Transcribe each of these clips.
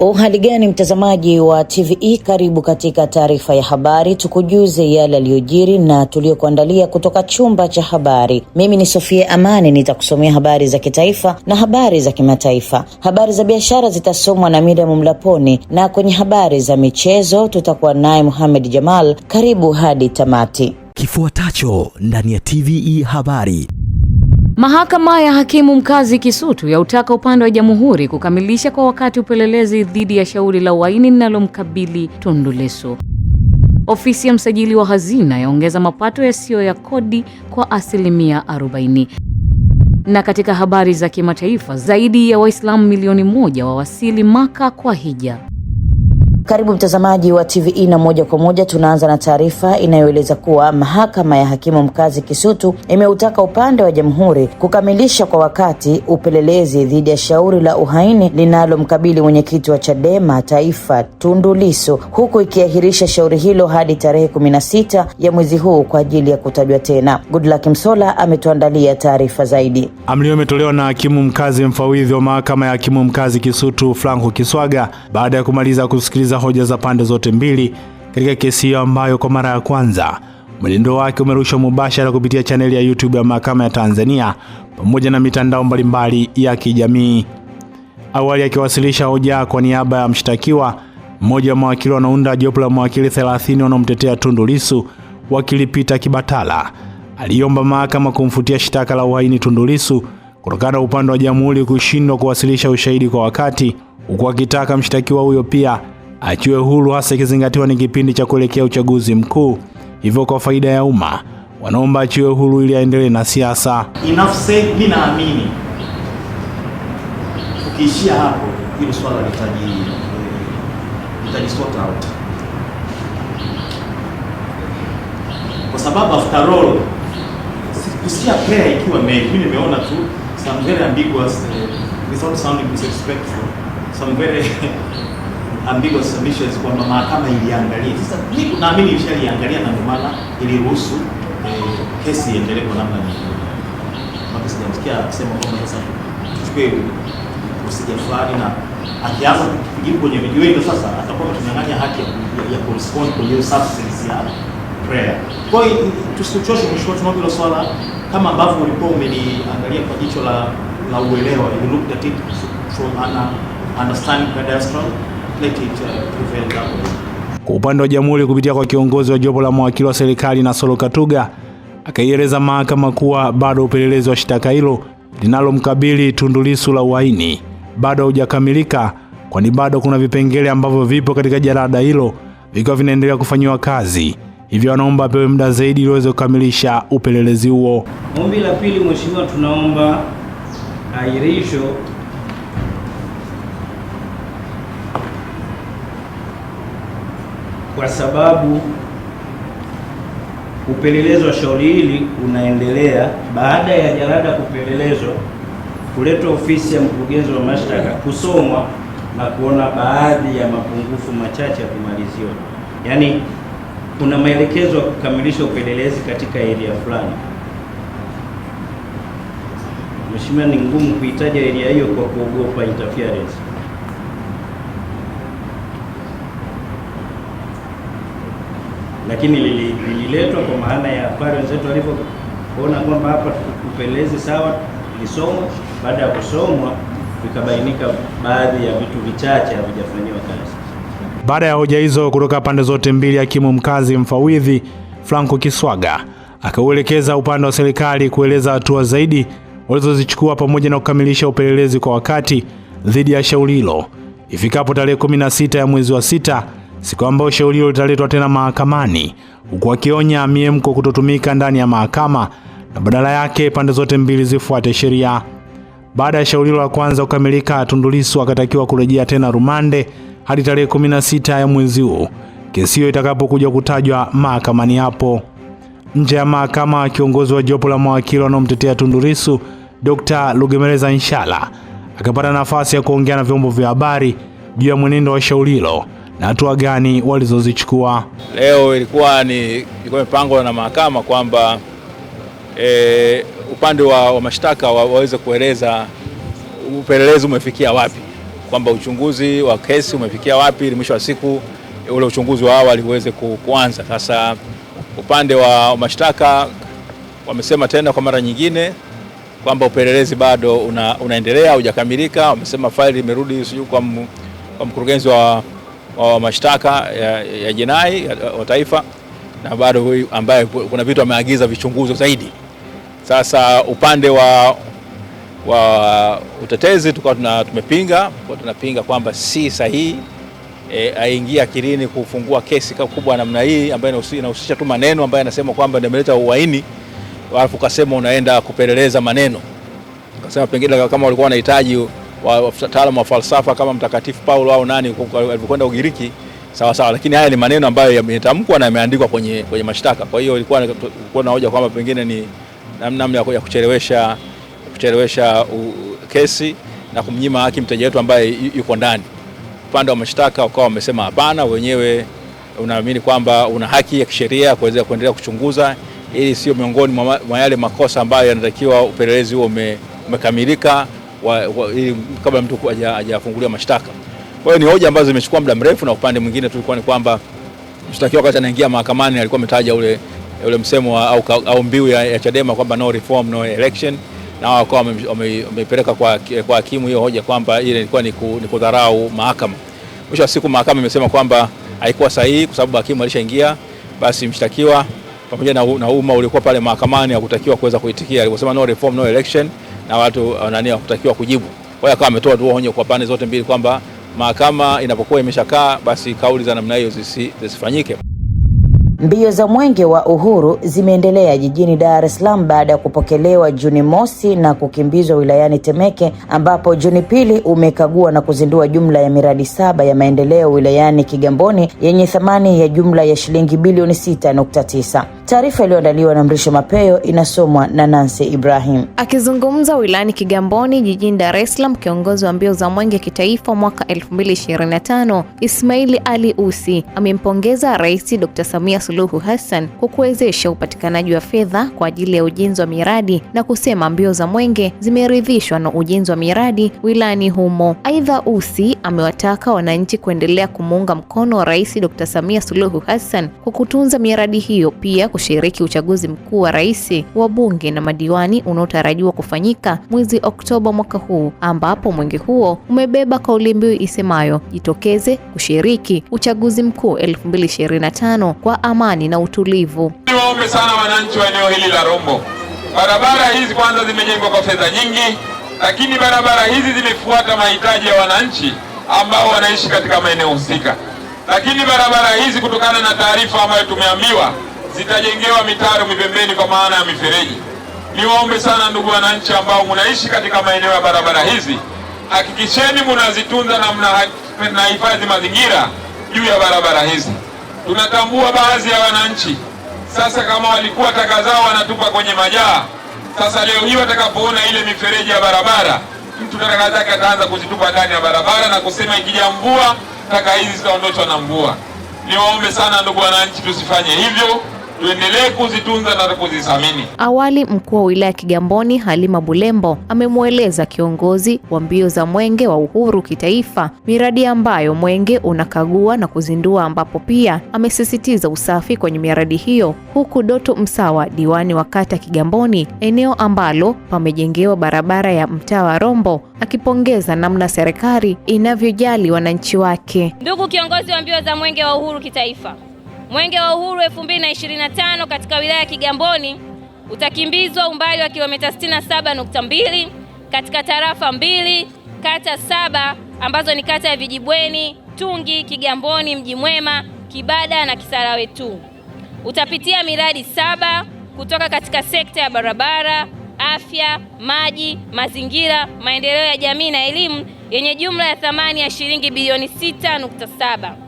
Uhali gani mtazamaji wa TVE, karibu katika taarifa ya habari, tukujuze yale yaliyojiri na tuliyokuandalia kutoka chumba cha habari. Mimi ni Sofia Amani, nitakusomea habari za kitaifa na habari za kimataifa. Habari za biashara zitasomwa na Miriam Mlaponi, na kwenye habari za michezo tutakuwa naye muhamed Jamal. Karibu hadi tamati. Kifuatacho ndani ya TVE habari. Mahakama ya hakimu mkazi Kisutu yautaka upande wa Jamhuri kukamilisha kwa wakati upelelezi dhidi ya shauri la uhaini linalomkabili Tundu Lissu. Ofisi ya msajili wa hazina yaongeza mapato yasiyo ya kodi kwa asilimia 40. Na katika habari za kimataifa, zaidi ya Waislamu milioni moja wawasili Maka kwa hija. Karibu mtazamaji wa TVE na moja kwa moja, tunaanza na taarifa inayoeleza kuwa mahakama ya hakimu mkazi Kisutu imeutaka upande wa jamhuri kukamilisha kwa wakati upelelezi dhidi ya shauri la uhaini linalomkabili mwenyekiti wa Chadema Taifa Tundu Lissu, huku ikiahirisha shauri hilo hadi tarehe 16 ya mwezi huu kwa ajili ya kutajwa tena. Goodluck Msola ametuandalia taarifa zaidi. Amri imetolewa na hakimu mkazi mfawidhi wa mahakama ya hakimu mkazi Kisutu Franco Kiswaga baada ya kumaliza kusikiliza kusikiliza hoja za pande zote mbili katika kesi hiyo ambayo kwa mara ya kwanza mwenendo wake umerushwa mubashara kupitia chaneli ya YouTube ya Mahakama ya Tanzania pamoja na mitandao mbalimbali ya kijamii. Awali akiwasilisha hoja kwa niaba ya mshtakiwa, mmoja wa mawakili wanaunda jopo la mawakili 30 wanaomtetea Tundu Lissu, wakili Peter Kibatala aliomba mahakama kumfutia shtaka la uhaini Tundu Lissu kutokana na upande wa jamhuri kushindwa kuwasilisha ushahidi kwa wakati, huku akitaka mshtakiwa huyo pia achiwe huru, hasa ikizingatiwa ni kipindi cha kuelekea uchaguzi mkuu. Hivyo kwa faida ya umma wanaomba achiwe huru ili aendelee na siasa. inafsi said. naamini ukiishia hapo, hilo swala litaji litaji sort out, kwa sababu after all kusikia pea ikiwa mei Mimi nimeona tu some very ambiguous eh, without sounding disrespectful some very ambigua submissions kwamba mahakama iliangalia. Sasa mimi naamini ilishaliangalia na ndio maana iliruhusu eh, kesi iendelee kwa namna nyingine. Mpaka sijamsikia akisema kwamba sasa tuchukue usija fulani na akianza kujibu kwenye video hiyo, sasa atakuwa tunanyang'anya haki ya, ya correspond kwenye substance ya prayer. Kwa hiyo tusikuchoshe, mheshimiwa, tunaomba hilo swala kama ambavyo ulikuwa umeliangalia kwa jicho la la uelewa, you looked at it from an understanding diaspora Uh, kwa upande wa jamhuri kupitia kwa kiongozi wa jopo la mawakili wa serikali na Solo Katuga akaieleza mahakama kuwa bado upelelezi wa shtaka hilo linalomkabili Tundu Lissu la uhaini bado haujakamilika, kwani bado kuna vipengele ambavyo vipo katika jalada hilo vikiwa vinaendelea kufanyiwa kazi, hivyo anaomba apewe muda zaidi ili aweze kukamilisha upelelezi huo. Ombi la pili, mheshimiwa, tunaomba ahirisho kwa sababu upelelezi wa shauri hili unaendelea. Baada ya jalada kupelelezwa, kuletwa ofisi ya mkurugenzi wa mashtaka kusomwa na kuona baadhi ya mapungufu machache ya kumaliziwa, yaani kuna maelekezo ya kukamilisha upelelezi katika eneo fulani. Mheshimiwa, ni ngumu kuitaja eneo hiyo kwa kuogopa interference. lakini lililetwa kwa maana ya pale wenzetu walipoona kwamba hapa tupelezi sawa, lisomwa. Baada ya kusomwa, vikabainika baadhi ya vitu vichache havijafanyiwa kazi. Baada ya hoja hizo kutoka pande zote mbili, hakimu mkazi mfawidhi Franco Kiswaga akauelekeza upande wa serikali kueleza hatua zaidi walizozichukua pamoja na kukamilisha upelelezi kwa wakati dhidi ya shauri hilo ifikapo tarehe 16 ya mwezi wa sita siku ambayo shauri hilo litaletwa tena mahakamani, huku akionya miemko kutotumika ndani ya mahakama na badala yake pande zote mbili zifuate sheria. Baada ya shauri hilo la kwanza kukamilika, Tundu Lissu akatakiwa kurejea tena rumande hadi tarehe 16 ya mwezi huu kesi hiyo itakapokuja kutajwa mahakamani hapo. Nje ya mahakama, kiongozi wa jopo la mawakili wanaomtetea Tundu Lissu Dr. Lugemeleza Nshala akapata nafasi ya kuongea na vyombo vya habari juu ya mwenendo wa shauri hilo na hatua gani walizozichukua. Leo ilikuwa ni ilikuwa mipango na mahakama kwamba e, upande wa, wa mashtaka wa, waweze kueleza upelelezi umefikia wapi, kwamba uchunguzi wa kesi umefikia wapi, ili mwisho wa siku ule uchunguzi wa awali uweze kuanza. Sasa upande wa mashtaka wamesema tena kwa mara nyingine kwamba upelelezi bado una, unaendelea haujakamilika. Wamesema faili imerudi sijui kwa mkurugenzi wa wa mashtaka ya, ya jinai wa taifa na bado huyu ambaye kuna vitu ameagiza vichunguzo zaidi. Sasa upande wa, wa utetezi tukawa tumepinga kwa tunapinga kwamba si sahihi e, aingia akilini kufungua kesi kubwa namna hii ambayo inahusisha tu maneno ambayo anasema kwamba ndio ameleta uhaini, alafu kasema unaenda kupeleleza maneno, kasema pengine kama walikuwa wanahitaji wataalamu wa falsafa kama Mtakatifu Paulo au nani alivyokwenda Ugiriki sawa sawa, lakini haya ni maneno ambayo yametamkwa na yameandikwa kwenye, kwenye mashtaka. Kwa hiyo ilikuwa na hoja kwamba pengine ni namna ya kuchelewesha kuchelewesha kesi na kumnyima haki mteja wetu ambaye yuko ndani. Upande wa mashtaka wakawa wamesema hapana, wenyewe unaamini kwamba una haki ya kisheria kuweza kuendelea kuchunguza, ili sio miongoni mwa yale makosa ambayo yanatakiwa upelelezi huo umekamilika wa, wa, kabla mtu hajafungulia mashtaka. Kwa hiyo ni hoja ambazo zimechukua muda mrefu, na upande mwingine tulikuwa ni kwamba mshtakiwa wakati anaingia mahakamani alikuwa ametaja ule, ule msemo wa, au, au mbiu ya, ya Chadema kwamba no reform no election, na wao wakawa wamepeleka kwa, kwa hakimu hiyo hoja kwamba ile ilikuwa ni ku, ni kudharau mahakama. Mwisho wa siku mahakama imesema kwamba haikuwa sahihi kwa sababu hakimu alishaingia, basi mshtakiwa pamoja na na umma ulikuwa pale mahakamani hakutakiwa kuweza kuitikia aliposema no reform no election na watu uh, nani wakutakiwa kujibu. Kwa hiyo akawa ametoa tu onyo kwa pande zote mbili kwamba mahakama inapokuwa imeshakaa basi kauli za namna hiyo zisi, zisifanyike. Mbio za Mwenge wa Uhuru zimeendelea jijini Dar es Salaam baada ya kupokelewa Juni mosi na kukimbizwa wilayani Temeke, ambapo Juni pili umekagua na kuzindua jumla ya miradi saba ya maendeleo wilayani Kigamboni yenye thamani ya jumla ya shilingi bilioni 6.9. Taarifa iliyoandaliwa na Mrisho Mapeo inasomwa na Nancy Ibrahim. Akizungumza wilayani Kigamboni jijini Dar es Salaam, kiongozi wa mbio za mwenge kitaifa mwaka 2025 Ismail Ali Usi amempongeza Rais Dr. Samia Suluhu Hassan kwa kuwezesha upatikanaji wa fedha kwa ajili ya ujenzi wa miradi na kusema mbio za mwenge zimeridhishwa na ujenzi wa miradi wilayani humo. Aidha, Usi amewataka wananchi kuendelea kumuunga mkono Rais Dr. Samia Suluhu Hassan kwa kutunza miradi hiyo pia kushiriki uchaguzi mkuu wa rais, wa bunge na madiwani unaotarajiwa kufanyika mwezi Oktoba mwaka huu, ambapo mwenge huo umebeba kauli mbiu isemayo jitokeze kushiriki uchaguzi mkuu 2025 kwa amani na utulivu. Niwaombe sana wananchi wa eneo hili la Rombo, barabara hizi kwanza zimejengwa kwa fedha nyingi, lakini barabara hizi zimefuata mahitaji ya wananchi ambao wanaishi katika maeneo husika, lakini barabara hizi kutokana na taarifa ambayo tumeambiwa zitajengewa mitaro mipembeni kwa maana ya mifereji. Niwaombe sana ndugu wananchi ambao mnaishi katika maeneo ya barabara hizi, hakikisheni munazitunza na mnahifadhi mazingira juu ya barabara hizi. Tunatambua baadhi ya wananchi sasa, kama walikuwa taka zao wanatupa kwenye majaa, sasa leo hii watakapoona ile mifereji ya barabara, mtu taka zake ataanza kuzitupa ndani ya barabara na kusema ikija mvua taka hizi zitaondoshwa na mvua. Niwaombe sana ndugu wananchi, tusifanye hivyo tuendelee kuzitunza na kuzithamini. Awali mkuu wa wilaya Kigamboni Halima Bulembo amemweleza kiongozi wa mbio za Mwenge wa Uhuru kitaifa miradi ambayo Mwenge unakagua na kuzindua, ambapo pia amesisitiza usafi kwenye miradi hiyo, huku Doto Msawa, diwani wa kata Kigamboni, eneo ambalo pamejengewa barabara ya mtaa wa Rombo, akipongeza namna serikali inavyojali wananchi wake. Ndugu kiongozi wa mbio za Mwenge wa Uhuru kitaifa Mwenge wa Uhuru 2025 katika wilaya ya Kigamboni utakimbizwa umbali wa kilomita 67.2 katika tarafa mbili, kata saba ambazo ni kata ya Vijibweni, Tungi, Kigamboni, Mji Mwema, Kibada na Kisarawe tu. Utapitia miradi saba kutoka katika sekta ya barabara, afya, maji, mazingira, maendeleo ya jamii na elimu yenye jumla ya thamani ya shilingi bilioni 6.7.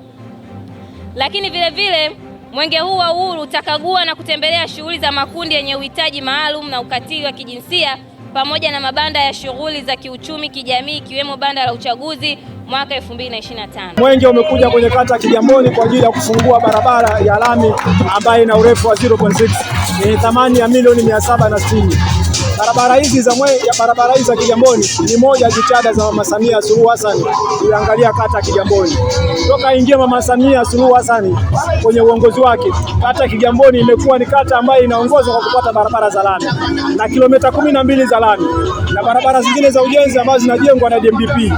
Lakini vile vile mwenge huu wa uhuru utakagua na kutembelea shughuli za makundi yenye uhitaji maalum na ukatili wa kijinsia pamoja na mabanda ya shughuli za kiuchumi, kijamii, ikiwemo banda la uchaguzi mwaka 2025. Mwenge umekuja kwenye kata ya Kigamboni kwa ajili ya kufungua barabara ya lami ambayo ina urefu wa 0.6 yenye thamani ya milioni 760. Barabara hizi za mwe, ya barabara hizi za Kigamboni ni moja ya jitihada za Mama Samia Suluhu Hassan kuangalia kata ya Kigamboni. Toka ingia Mama Samia Suluhu Hassan kwenye uongozi wake, kata ya Kigamboni imekuwa ni kata ambayo inaongozwa kwa kupata barabara za lami na kilomita 12 za lami na barabara zingine za ujenzi ambazo zinajengwa na DMDP.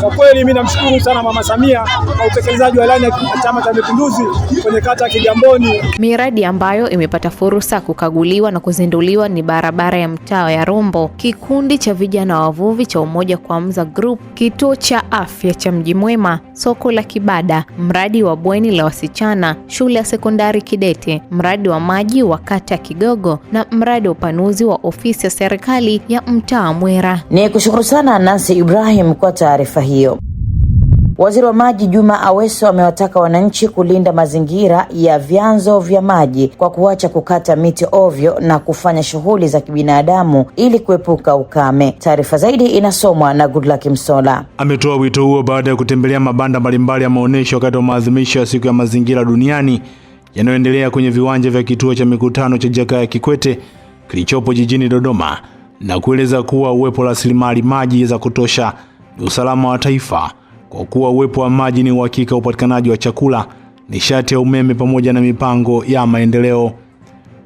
Kwa kweli namshukuru sana Mama Samia kwa utekelezaji wa ilani ya Chama cha Mapinduzi kwenye kata ya Kigamboni. Miradi ambayo imepata fursa kukaguliwa na kuzinduliwa ni barabara ya mtaa ya Rombo, kikundi cha vijana wavuvi cha Umoja kwa Mza Group, kituo cha afya cha Mji Mwema, soko la Kibada, mradi wa bweni la wasichana shule ya sekondari Kidete, mradi wa maji wa kata ya Kigogo na mradi wa upanuzi wa ofisi ya serikali ya mtaa Mwera. Ni kushukuru sana Nancy Ibrahim kwa taarifa hiyo. Waziri wa Maji Juma Aweso amewataka wananchi kulinda mazingira ya vyanzo vya maji kwa kuacha kukata miti ovyo na kufanya shughuli za kibinadamu ili kuepuka ukame. Taarifa zaidi inasomwa na Goodluck Msola. Ametoa wito huo baada ya kutembelea mabanda mbalimbali ya maonyesho wakati wa maadhimisho ya siku ya mazingira duniani yanayoendelea kwenye viwanja vya kituo cha mikutano cha Jakaya Kikwete kilichopo jijini Dodoma na kueleza kuwa uwepo wa rasilimali maji za kutosha ni usalama wa taifa kwa kuwa uwepo wa maji ni uhakika upatikanaji wa chakula, nishati ya umeme pamoja na mipango ya maendeleo.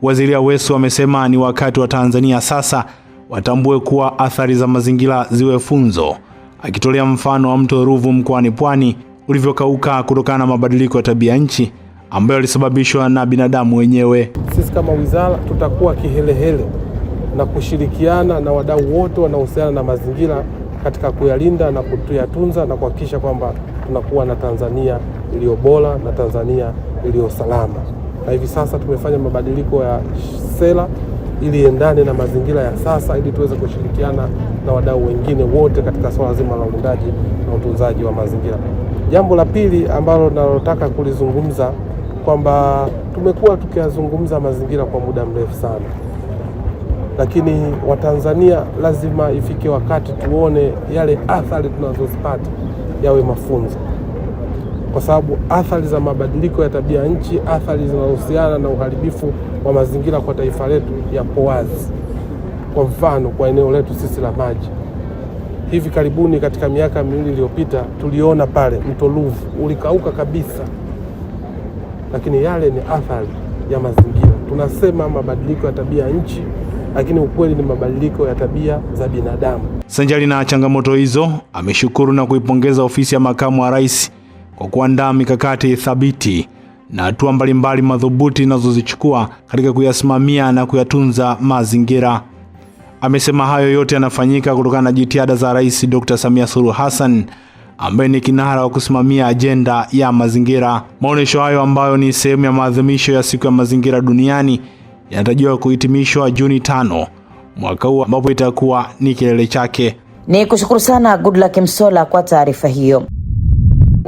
Waziri awesu amesema ni wakati wa Tanzania sasa watambue kuwa athari za mazingira ziwe funzo, akitolea mfano wa mto Ruvu mkoani Pwani ulivyokauka kutokana na mabadiliko ya tabia nchi ambayo alisababishwa na binadamu wenyewe. Sisi kama wizara tutakuwa kihelehele na kushirikiana na wadau wote wanaohusiana na mazingira katika kuyalinda na kutuyatunza na kuhakikisha kwamba tunakuwa na Tanzania iliyo bora na Tanzania iliyo salama. Na hivi sasa tumefanya mabadiliko ya sera ili endane na mazingira ya sasa ili tuweze kushirikiana na wadau wengine wote katika swala zima la ulindaji na utunzaji wa mazingira. Jambo la pili ambalo nalotaka kulizungumza kwamba tumekuwa tukiyazungumza mazingira kwa muda mrefu sana lakini Watanzania lazima ifike wakati tuone yale athari tunazozipata yawe mafunzo, kwa sababu athari za mabadiliko ya tabia nchi, athari zinazohusiana na uharibifu wa mazingira kwa taifa letu yapo wazi. Kwa mfano, kwa eneo letu sisi la maji, hivi karibuni, katika miaka miwili iliyopita, tuliona pale mto Ruvu ulikauka kabisa, lakini yale ni athari ya mazingira. Tunasema mabadiliko ya tabia nchi lakini ukweli ni mabadiliko ya tabia za binadamu. Sanjari na changamoto hizo, ameshukuru na kuipongeza ofisi ya makamu wa rais kwa kuandaa mikakati thabiti na hatua mbalimbali madhubuti inazozichukua katika kuyasimamia na kuyatunza mazingira. Amesema hayo yote yanafanyika kutokana na jitihada za Rais Dr. Samia Suluhu Hassan ambaye ni kinara wa kusimamia ajenda ya mazingira. Maonesho hayo ambayo ni sehemu ya maadhimisho ya siku ya mazingira duniani yanatarajiwa kuhitimishwa Juni tano mwaka huu ambapo itakuwa ni kilele chake. Ni kushukuru sana Goodluck msola kwa taarifa hiyo.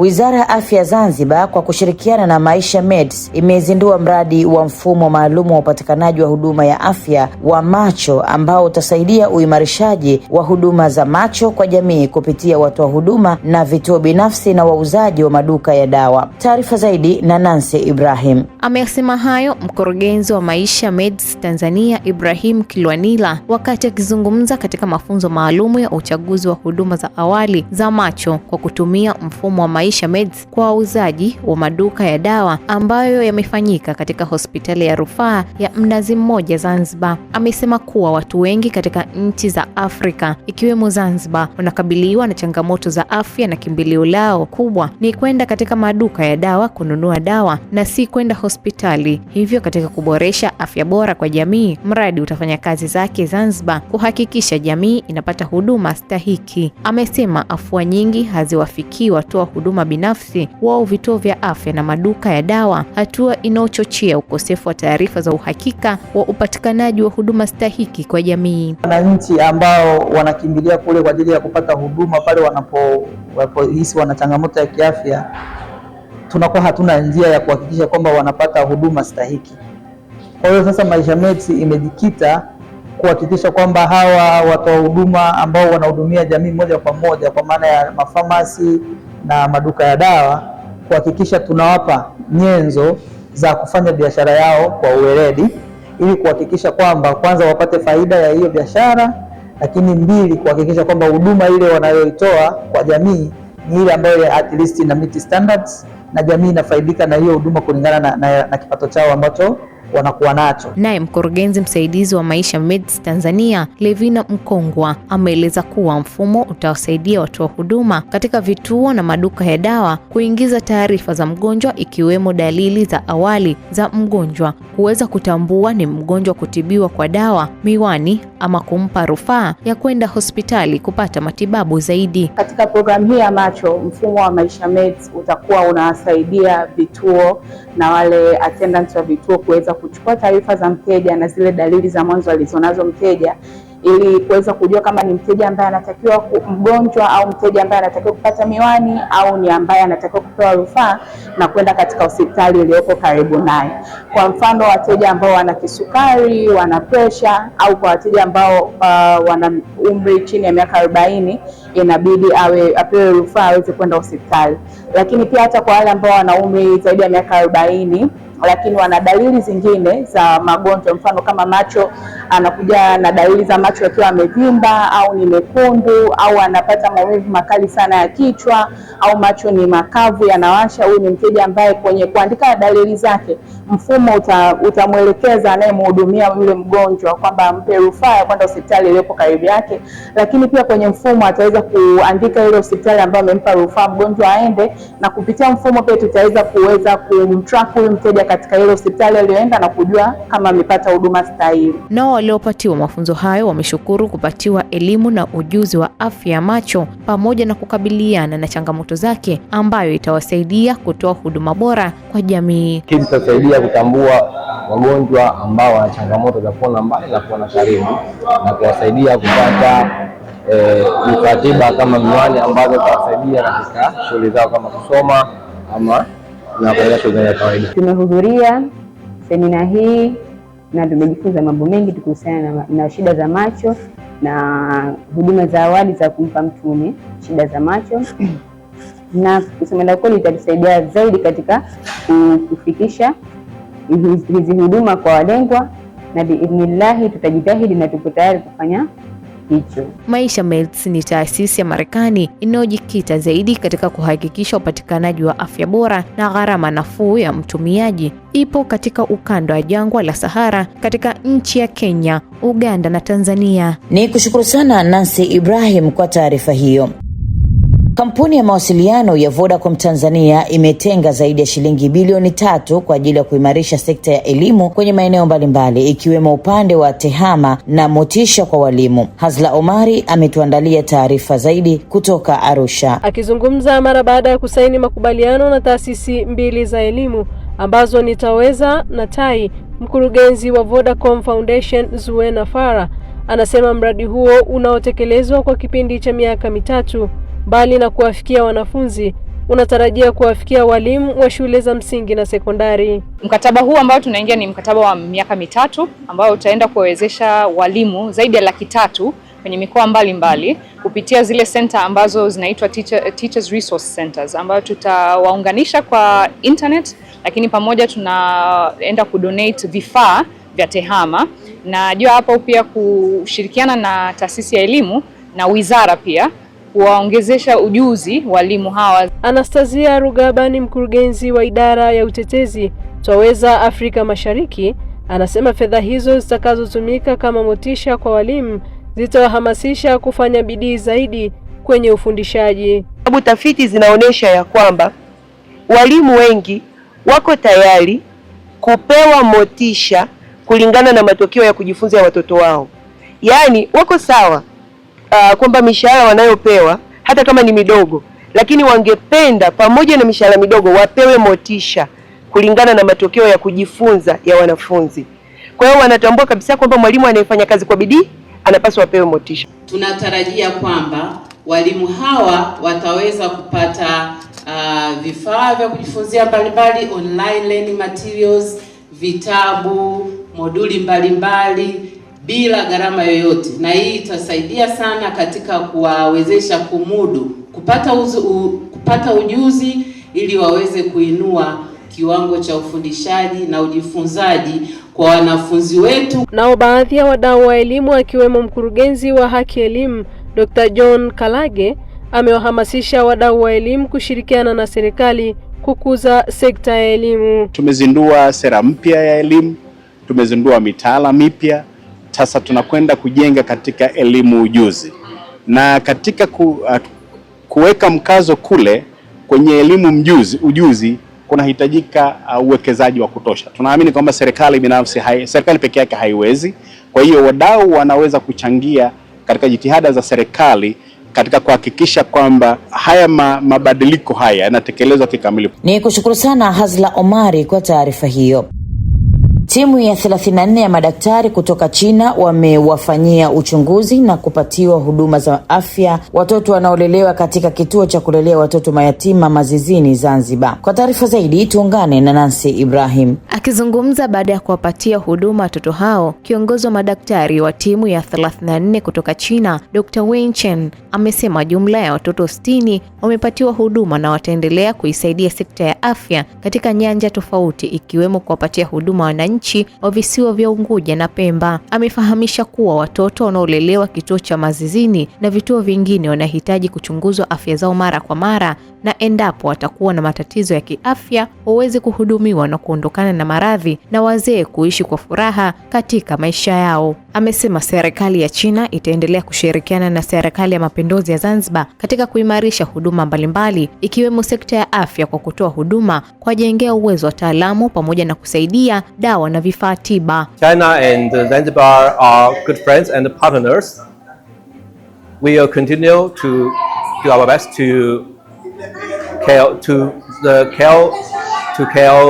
Wizara ya Afya ya Zanzibar kwa kushirikiana na Maisha Meds imezindua mradi wa mfumo maalum wa upatikanaji wa huduma ya afya wa macho ambao utasaidia uimarishaji wa huduma za macho kwa jamii kupitia watoa huduma na vituo binafsi na wauzaji wa maduka ya dawa. Taarifa zaidi na Nancy Ibrahim. Ameyasema hayo mkurugenzi wa Maisha Meds Tanzania Ibrahim Kilwanila wakati akizungumza katika mafunzo maalumu ya uchaguzi wa huduma za awali za macho kwa kutumia mfumo wa maisha Maisha Meds kwa wauzaji wa maduka ya dawa ambayo yamefanyika katika hospitali ya rufaa ya Mnazi Mmoja Zanzibar. Amesema kuwa watu wengi katika nchi za Afrika ikiwemo Zanzibar wanakabiliwa na changamoto za afya na kimbilio lao kubwa ni kwenda katika maduka ya dawa kununua dawa na si kwenda hospitali. Hivyo katika kuboresha afya bora kwa jamii, mradi utafanya kazi zake Zanzibar kuhakikisha jamii inapata huduma stahiki. Amesema afua nyingi haziwafikii watoa huduma huduma binafsi wao vituo vya afya na maduka ya dawa, hatua inayochochea ukosefu wa taarifa za uhakika wa upatikanaji wa huduma stahiki kwa jamii. Wananchi ambao wanakimbilia kule kwa ajili ya kupata huduma pale wanapohisi wana changamoto ya kiafya, tunakuwa hatuna njia ya kuhakikisha kwamba wanapata huduma stahiki. Kwa hiyo sasa, Maisha Meds imejikita kuhakikisha kwamba hawa watoa huduma ambao wanahudumia jamii moja kwa moja, kwa maana ya mafamasi na maduka ya dawa kuhakikisha tunawapa nyenzo za kufanya biashara yao kwa uweledi ili kuhakikisha kwamba kwanza wapate faida ya hiyo biashara, lakini mbili, kuhakikisha kwamba huduma ile wanayoitoa kwa jamii ni ile ambayo at least ina meet standards na jamii inafaidika na hiyo huduma kulingana na, na, na kipato chao ambacho wanakuwa nacho. Naye mkurugenzi msaidizi wa Maisha Meds Tanzania Levina Mkongwa ameeleza kuwa mfumo utawasaidia watoa huduma katika vituo na maduka ya dawa kuingiza taarifa za mgonjwa ikiwemo dalili za awali za mgonjwa, kuweza kutambua ni mgonjwa kutibiwa kwa dawa, miwani ama kumpa rufaa ya kwenda hospitali kupata matibabu zaidi. Katika programu hii ya macho, mfumo wa Maisha Meds utakuwa unawasaidia vituo na wale attendants wa vituo kuweza kuchukua taarifa za mteja na zile dalili za mwanzo alizonazo mteja ili kuweza kujua kama ni mteja ambaye anatakiwa mgonjwa au mteja ambaye anatakiwa kupata miwani au ni ambaye anatakiwa kupewa rufaa na kwenda katika hospitali iliyoko karibu naye. Kwa mfano, wateja ambao wana kisukari, wana presha au kwa wateja ambao uh, wana umri chini ya miaka arobaini inabidi awe apewe rufaa aweze kwenda hospitali. Lakini pia hata kwa wale ambao wana umri zaidi ya miaka arobaini lakini wana dalili zingine za magonjwa, mfano kama macho, anakuja na dalili za macho akiwa amevimba au ni mekundu au anapata maumivu makali sana ya kichwa au macho ni makavu yanawasha, huyu ni mteja ambaye kwenye kuandika dalili zake mfumo uta, utamwelekeza anayemhudumia yule mgonjwa kwamba mpe rufaa ya kwenda hospitali iliyopo karibu yake, lakini pia kwenye mfumo ataweza kuweza kuandika ile hospitali ambayo amempa rufaa mgonjwa aende, na kupitia mfumo pia tutaweza kuweza kumtrack huyu mteja katika ile hospitali aliyoenda na kujua kama amepata huduma stahili. Nao waliopatiwa mafunzo hayo wameshukuru kupatiwa elimu na ujuzi wa afya ya macho pamoja na kukabiliana na changamoto zake ambayo itawasaidia kutoa huduma bora kwa jamii. Hii itasaidia kutambua wagonjwa ambao wana changamoto za kuona mbali na kuona karibu na kuwasaidia kupata ukatiba e, kama miwani ambazo itawasaidia katika shughuli zao kama kusoma ama na kufanya shughuli za kawaida. Tumehudhuria semina hii na tumejifunza mambo mengi tukihusiana na, na shida za macho na huduma za awali za kumpa mtume shida za macho na kusema la kweli itatusaidia zaidi katika kufikisha hizi huduma kwa walengwa, na biidhnillahi tutajitahidi na tupo tayari kufanya hicho. Maisha Melts ni taasisi ya Marekani inayojikita zaidi katika kuhakikisha upatikanaji wa afya bora na gharama nafuu ya mtumiaji. Ipo katika ukanda wa jangwa la Sahara katika nchi ya Kenya, Uganda na Tanzania. Ni kushukuru sana Nancy Ibrahim kwa taarifa hiyo. Kampuni ya mawasiliano ya Vodacom Tanzania imetenga zaidi ya shilingi bilioni tatu kwa ajili ya kuimarisha sekta ya elimu kwenye maeneo mbalimbali ikiwemo upande wa tehama na motisha kwa walimu. Hazla Omari ametuandalia taarifa zaidi kutoka Arusha. Akizungumza mara baada ya kusaini makubaliano na taasisi mbili za elimu ambazo ni Taweza na Tai, mkurugenzi wa Vodacom Foundation Zuena Fara anasema mradi huo unaotekelezwa kwa kipindi cha miaka mitatu Mbali na kuwafikia wanafunzi, unatarajia kuwafikia walimu wa shule za msingi na sekondari. Mkataba huu ambao tunaingia ni mkataba wa miaka mitatu ambao utaenda kuwawezesha walimu zaidi ya laki tatu kwenye mikoa mbalimbali kupitia zile senta ambazo zinaitwa teacher, Teachers Resource Centers ambayo tutawaunganisha kwa internet, lakini pamoja tunaenda kudonate vifaa vya tehama na jua hapo pia kushirikiana na taasisi ya elimu na wizara pia kuwaongezesha ujuzi walimu hawa. Anastasia Rugaba ni mkurugenzi wa idara ya utetezi Twaweza Afrika Mashariki, anasema fedha hizo zitakazotumika kama motisha kwa walimu zitawahamasisha kufanya bidii zaidi kwenye ufundishaji, sababu tafiti zinaonyesha ya kwamba walimu wengi wako tayari kupewa motisha kulingana na matokeo ya kujifunza ya watoto wao, yaani wako sawa uh, kwamba mishahara wanayopewa hata kama ni midogo, lakini wangependa pamoja na mishahara midogo wapewe motisha kulingana na matokeo ya kujifunza ya wanafunzi. Kwa hiyo wanatambua kabisa kwamba mwalimu anayefanya kazi kwa bidii anapaswa apewe motisha. Tunatarajia kwamba walimu hawa wataweza kupata uh, vifaa vya kujifunzia mbalimbali, online learning materials, vitabu, moduli mbalimbali mbali bila gharama yoyote, na hii itasaidia sana katika kuwawezesha kumudu kupata uzu, u, kupata ujuzi ili waweze kuinua kiwango cha ufundishaji na ujifunzaji kwa wanafunzi wetu. Nao baadhi ya wadau wa elimu akiwemo mkurugenzi wa Haki Elimu Dr. John Kalage amewahamasisha wadau wa elimu kushirikiana na serikali kukuza sekta ya elimu. Tumezindua sera mpya ya elimu, tumezindua mitaala mipya sasa tunakwenda kujenga katika elimu ujuzi, na katika ku, uh, kuweka mkazo kule kwenye elimu mjuzi, ujuzi kunahitajika uh, uwekezaji wa kutosha. Tunaamini kwamba serikali binafsi hai, serikali peke yake haiwezi. Kwa hiyo wadau wanaweza kuchangia katika jitihada za serikali katika kuhakikisha kwamba haya ma, mabadiliko haya yanatekelezwa kikamilifu. Ni kushukuru sana Hazla Omari kwa taarifa hiyo. Timu ya 34 ya madaktari kutoka China wamewafanyia uchunguzi na kupatiwa huduma za afya watoto wanaolelewa katika kituo cha kulelea watoto mayatima Mazizini, Zanzibar. Kwa taarifa zaidi tuungane na Nancy Ibrahim. Akizungumza baada ya kuwapatia huduma watoto hao, kiongozi wa madaktari wa timu ya 34 kutoka China, Dr. Wen Chen, amesema jumla ya watoto 60 wamepatiwa huduma na wataendelea kuisaidia sekta ya afya katika nyanja tofauti ikiwemo kuwapatia huduma wananchi wananchi wa visiwa vya Unguja na Pemba. Amefahamisha kuwa watoto wanaolelewa kituo cha Mazizini na vituo vingine wanahitaji kuchunguzwa afya zao mara kwa mara, na endapo watakuwa na matatizo ya kiafya waweze kuhudumiwa na kuondokana na maradhi, na wazee kuishi kwa furaha katika maisha yao. Amesema serikali ya China itaendelea kushirikiana na serikali ya mapinduzi ya Zanzibar katika kuimarisha huduma mbalimbali ikiwemo sekta ya afya kwa kutoa huduma, kwa jengea uwezo wa taalamu pamoja na kusaidia dawa na vifaa tiba. China and Zanzibar are good friends and partners. We will continue to do our best to care to the care to care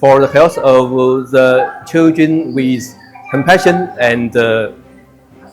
for the health of the children with compassion and uh,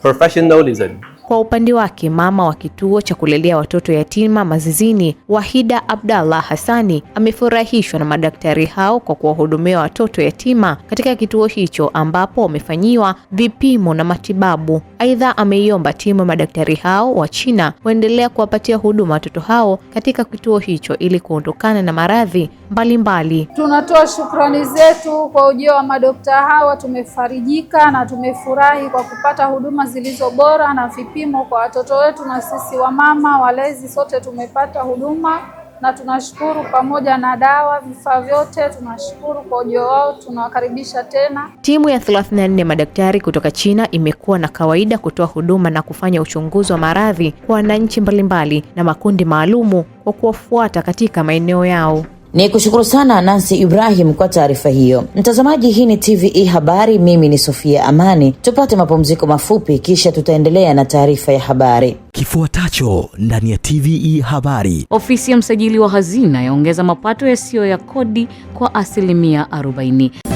professionalism. Kwa upande wake, mama wa kituo cha kulelea watoto yatima Mazizini, Wahida Abdallah Hassani, amefurahishwa na madaktari hao kwa kuwahudumia watoto yatima katika kituo hicho ambapo wamefanyiwa vipimo na matibabu. Aidha, ameiomba timu ya madaktari hao wa China kuendelea kuwapatia huduma watoto hao katika kituo hicho ili kuondokana na maradhi mbalimbali. Tunatoa shukrani zetu kwa ujio wa madokta hawa, tumefarijika na tumefurahi kwa kupata huduma zilizo bora na vipi kipimo kwa watoto wetu, na sisi wamama walezi sote tumepata huduma na tunashukuru, pamoja na dawa, vifaa vyote tunashukuru kwa ujio wao, tunawakaribisha tena. Timu ya 34 madaktari kutoka China imekuwa na kawaida kutoa huduma na kufanya uchunguzi wa maradhi kwa wananchi mbalimbali na makundi maalumu kwa kuwafuata katika maeneo yao. Ni kushukuru sana Nancy Ibrahim kwa taarifa hiyo. Mtazamaji, hii ni TVE Habari, mimi ni Sofia Amani. Tupate mapumziko mafupi, kisha tutaendelea na taarifa ya habari. Kifuatacho ndani ya TVE Habari. Ofisi ya msajili wa hazina yaongeza mapato yasiyo ya kodi kwa asilimia 40.